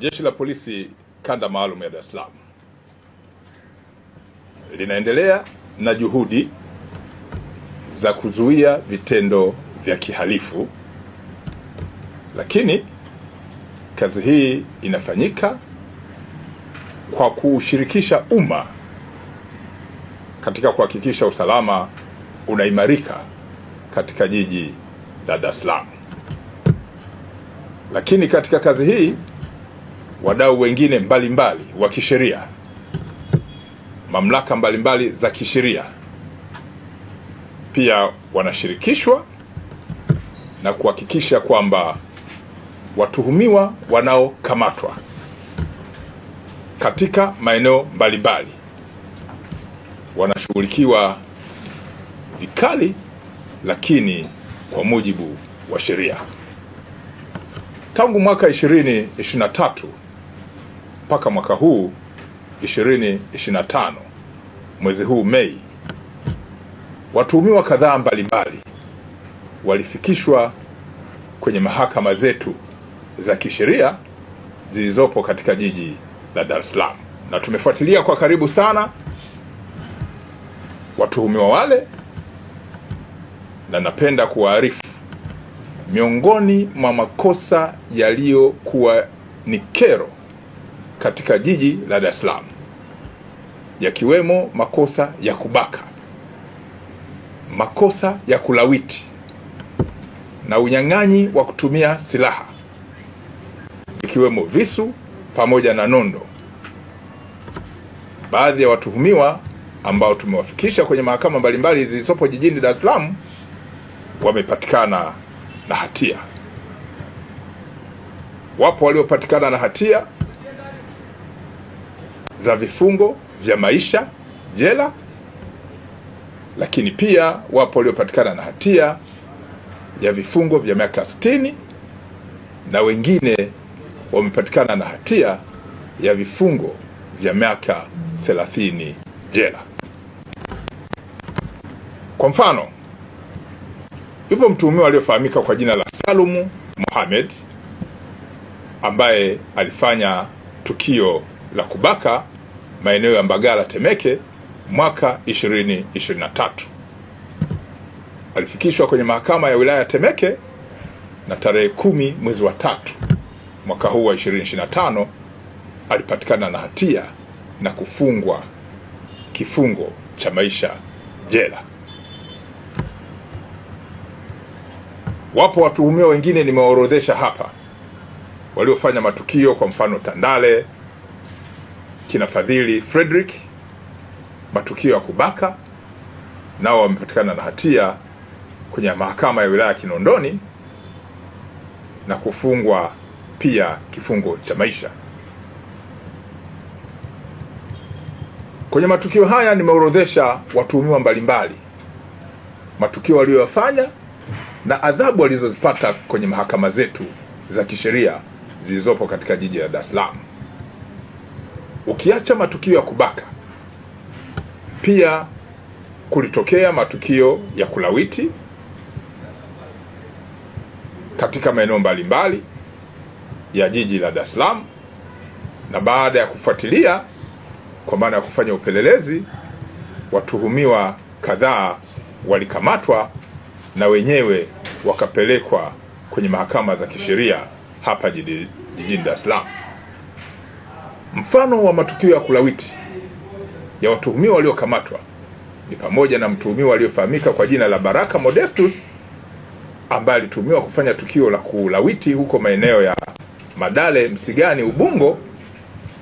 Jeshi la Polisi Kanda Maalum ya Dar es Salaam linaendelea na juhudi za kuzuia vitendo vya kihalifu, lakini kazi hii inafanyika kwa kuushirikisha umma katika kuhakikisha usalama unaimarika katika jiji la Dar es Salaam. Lakini katika kazi hii wadau wengine mbalimbali wa kisheria, mamlaka mbalimbali za kisheria pia wanashirikishwa na kuhakikisha kwamba watuhumiwa wanaokamatwa katika maeneo mbalimbali wanashughulikiwa vikali, lakini kwa mujibu wa sheria. Tangu mwaka 2023 mpaka mwaka huu 2025 mwezi huu Mei, watuhumiwa kadhaa mbalimbali walifikishwa kwenye mahakama zetu za kisheria zilizopo katika jiji la Dar es Salaam, na tumefuatilia kwa karibu sana watuhumiwa wale, na napenda kuwaarifu miongoni mwa makosa yaliyokuwa ni kero katika jiji la Dar es Salaam, yakiwemo makosa ya kubaka, makosa ya kulawiti na unyang'anyi wa kutumia silaha ikiwemo visu pamoja na nondo. Baadhi ya watuhumiwa ambao tumewafikisha kwenye mahakama mbalimbali zilizopo jijini Dar es Salaam wamepatikana na hatia. Wapo waliopatikana na hatia za vifungo vya maisha jela, lakini pia wapo waliopatikana na hatia ya vifungo vya miaka 60 na wengine wamepatikana na hatia ya vifungo vya miaka 30 jela. Kwa mfano, yupo mtuhumiwa aliyofahamika kwa jina la Salumu Mohamed ambaye alifanya tukio la kubaka maeneo ya Mbagala Temeke mwaka 2023. Alifikishwa kwenye mahakama ya wilaya Temeke na tarehe kumi mwezi wa tatu mwaka huu wa 2025 alipatikana na hatia na kufungwa kifungo cha maisha jela. Wapo watuhumiwa wengine nimewaorodhesha hapa waliofanya matukio, kwa mfano Tandale kinafadhili Frederick, matukio ya kubaka, nao wamepatikana na hatia kwenye mahakama ya wilaya Kinondoni na kufungwa pia kifungo cha maisha. Kwenye matukio haya nimeorodhesha watuhumiwa mbalimbali, matukio waliyoyafanya na adhabu walizozipata kwenye mahakama zetu za kisheria zilizopo katika jiji la Dar es Salaam. Ukiacha matukio ya kubaka, pia kulitokea matukio ya kulawiti katika maeneo mbalimbali ya jiji la Dar es Salaam, na baada ya kufuatilia kwa maana ya kufanya upelelezi, watuhumiwa kadhaa walikamatwa na wenyewe wakapelekwa kwenye mahakama za kisheria hapa jijini Dar es Salaam. Mfano wa matukio ya kulawiti ya watuhumiwa waliokamatwa ni pamoja na mtuhumiwa aliyefahamika kwa jina la Baraka Modestus ambaye alituhumiwa kufanya tukio la kulawiti huko maeneo ya Madale, Msigani, Ubungo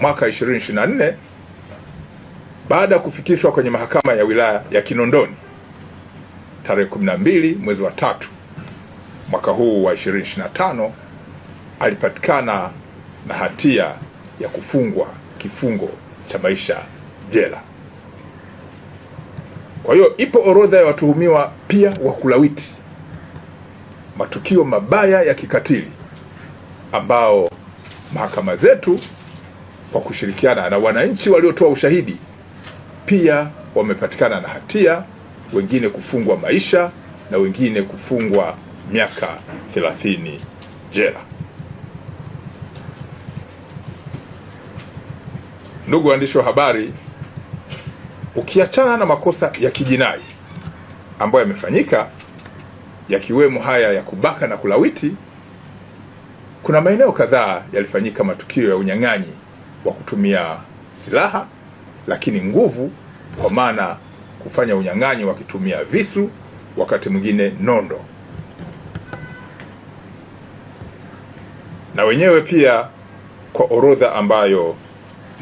mwaka 2024 baada ya kufikishwa kwenye mahakama ya wilaya ya Kinondoni tarehe 12 mwezi wa tatu mwaka huu wa 2025 alipatikana na hatia ya kufungwa kifungo cha maisha jela. Kwa hiyo ipo orodha ya watuhumiwa pia wa kulawiti matukio mabaya ya kikatili ambao mahakama zetu kwa kushirikiana na wananchi waliotoa ushahidi pia wamepatikana na hatia, wengine kufungwa maisha na wengine kufungwa miaka 30 jela. ndugu waandishi wa habari, ukiachana na makosa ya kijinai ambayo yamefanyika yakiwemo haya ya kubaka na kulawiti, kuna maeneo kadhaa yalifanyika matukio ya unyang'anyi wa kutumia silaha, lakini nguvu, kwa maana kufanya unyang'anyi wakitumia visu, wakati mwingine nondo. Na wenyewe pia kwa orodha ambayo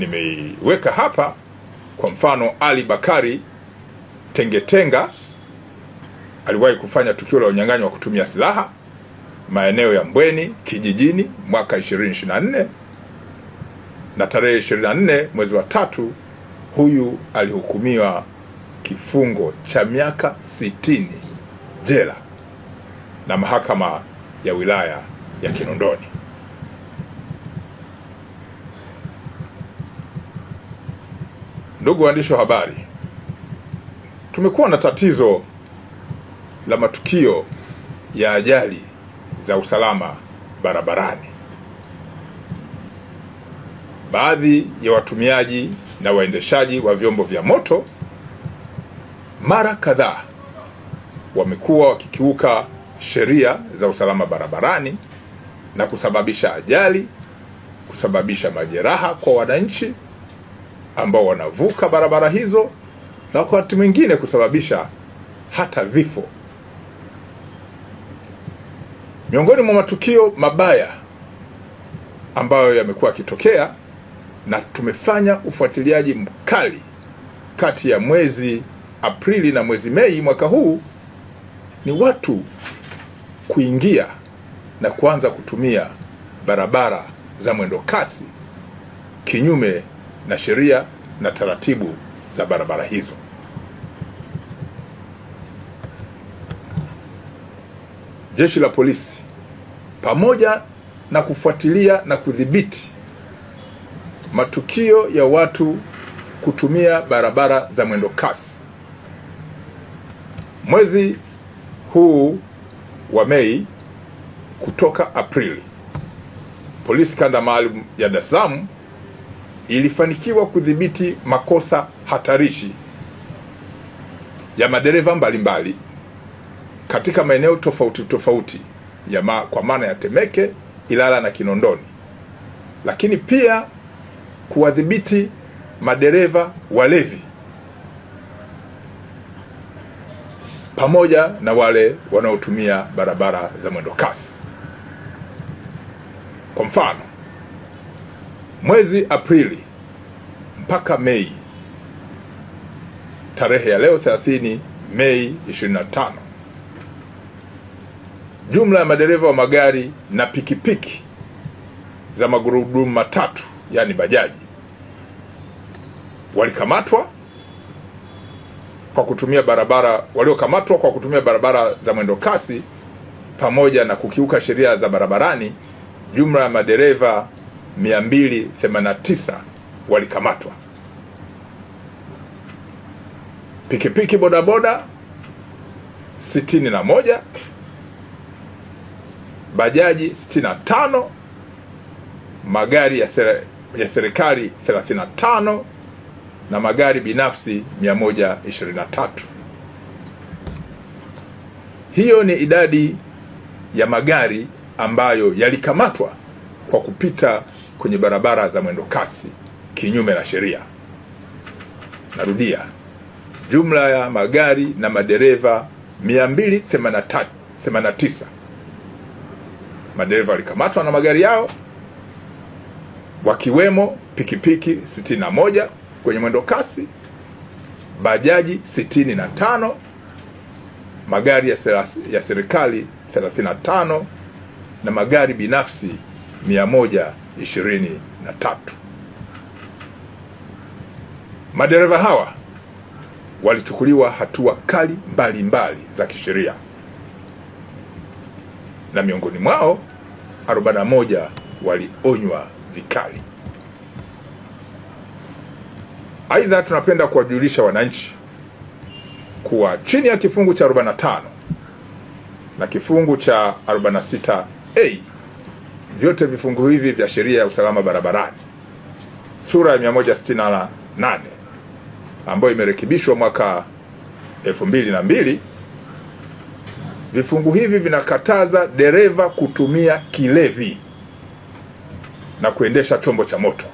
nimeiweka hapa kwa mfano Ali Bakari Tengetenga aliwahi kufanya tukio la unyang'anyi wa kutumia silaha maeneo ya Mbweni kijijini mwaka 2024 na tarehe 24 mwezi wa tatu, huyu alihukumiwa kifungo cha miaka 60 jela na mahakama ya wilaya ya Kinondoni. Ndugu waandishi wa habari, tumekuwa na tatizo la matukio ya ajali za usalama barabarani. Baadhi ya watumiaji na waendeshaji wa vyombo vya moto mara kadhaa wamekuwa wakikiuka sheria za usalama barabarani na kusababisha ajali, kusababisha majeraha kwa wananchi ambao wanavuka barabara hizo na kwa wakati mwingine kusababisha hata vifo. Miongoni mwa matukio mabaya ambayo yamekuwa yakitokea na tumefanya ufuatiliaji mkali kati ya mwezi Aprili na mwezi Mei mwaka huu ni watu kuingia na kuanza kutumia barabara za mwendo kasi kinyume na sheria na taratibu za barabara hizo. Jeshi la polisi pamoja na kufuatilia na kudhibiti matukio ya watu kutumia barabara za mwendo kasi. Mwezi huu wa Mei kutoka Aprili, polisi kanda maalum ya Dar es Salaam ilifanikiwa kudhibiti makosa hatarishi ya madereva mbalimbali katika maeneo tofauti tofauti ya ma, kwa maana ya Temeke, Ilala na Kinondoni, lakini pia kuwadhibiti madereva walevi pamoja na wale wanaotumia barabara za mwendo kasi. Kwa mfano Mwezi Aprili mpaka Mei, tarehe ya leo 30 Mei 25, jumla ya madereva wa magari na pikipiki za magurudumu matatu yaani bajaji walikamatwa kwa kutumia barabara waliokamatwa kwa kutumia barabara za mwendo kasi pamoja na kukiuka sheria za barabarani, jumla ya madereva 289 walikamatwa, pikipiki bodaboda 61, bajaji 65, magari ya sere, ya serikali 35 na magari binafsi 123. Hiyo ni idadi ya magari ambayo yalikamatwa kwa kupita kwenye barabara za mwendo kasi kinyume na sheria. Narudia, jumla ya magari na madereva 289 madereva walikamatwa na magari yao, wakiwemo pikipiki 61 kwenye mwendo kasi, bajaji 65, magari ya, ya serikali 35 na magari binafsi ishirini na tatu. Madereva hawa walichukuliwa hatua kali mbalimbali za kisheria na miongoni mwao 41 walionywa vikali. Aidha, tunapenda kuwajulisha wananchi kuwa chini ya kifungu cha 45 na kifungu cha 46A vyote vifungu hivi vya sheria ya usalama barabarani sura ya 168 ambayo imerekebishwa mwaka 2002 vifungu hivi vinakataza dereva kutumia kilevi na kuendesha chombo cha moto.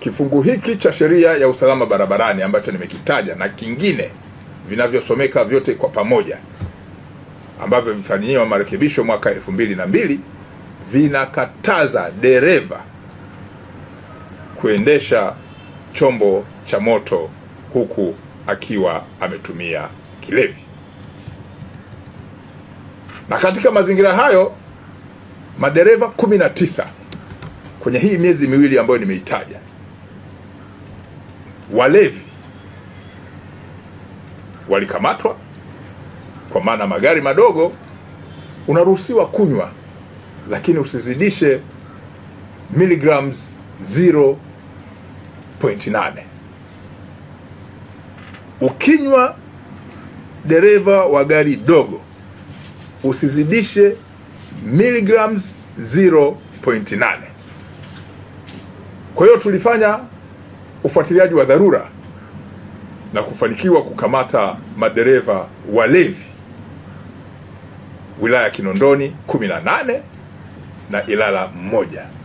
Kifungu hiki cha sheria ya usalama barabarani ambacho nimekitaja na kingine vinavyosomeka vyote kwa pamoja ambavyo vifanyiwa marekebisho mwaka elfu mbili na mbili vinakataza dereva kuendesha chombo cha moto huku akiwa ametumia kilevi. Na katika mazingira hayo madereva kumi na tisa kwenye hii miezi miwili ambayo nimeitaja, walevi walikamatwa kwa maana magari madogo unaruhusiwa kunywa, lakini usizidishe milligrams 0.8. Ukinywa dereva wa gari dogo, usizidishe milligrams 0.8. Kwa hiyo tulifanya ufuatiliaji wa dharura na kufanikiwa kukamata madereva walevi wilaya ya Kinondoni 18 na Ilala mmoja.